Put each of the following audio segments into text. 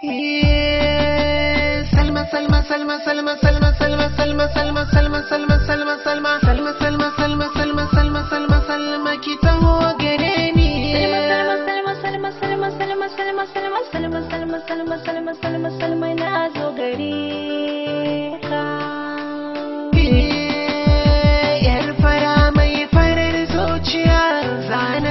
Salma, Salma, na zuciya zana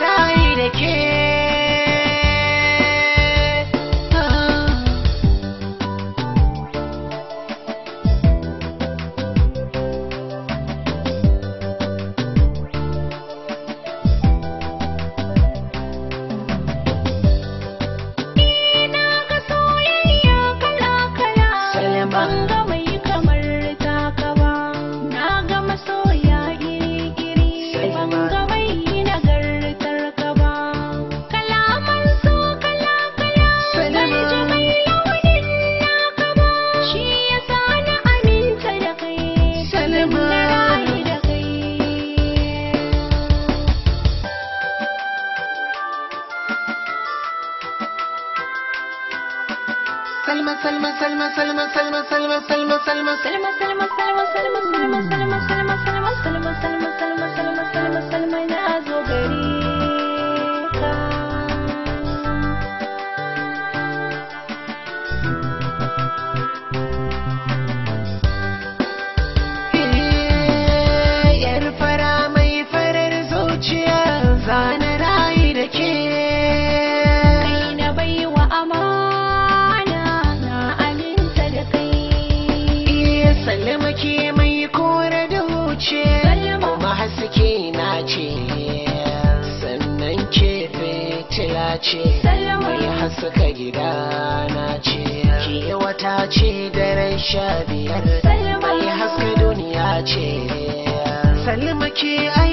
Salma, Salma, Salma, Salma, Salma, Salma, Salma, Salma, Salma, Salma, Salma, Salma, Salma, Salma, Salma, Salma, ce mai haska gida na ce ki wata ce daren sha biyar mai haska duniya ce salma ke ai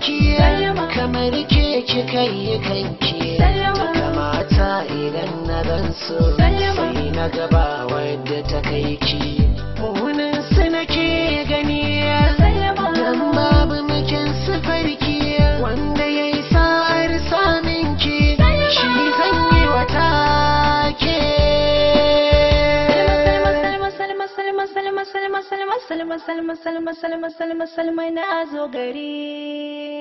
kanki kamar ke kika yi kanki kamata idan na ransu sai na gaba wadda ta مسل مسل مسل مسل مسل مینا زوګری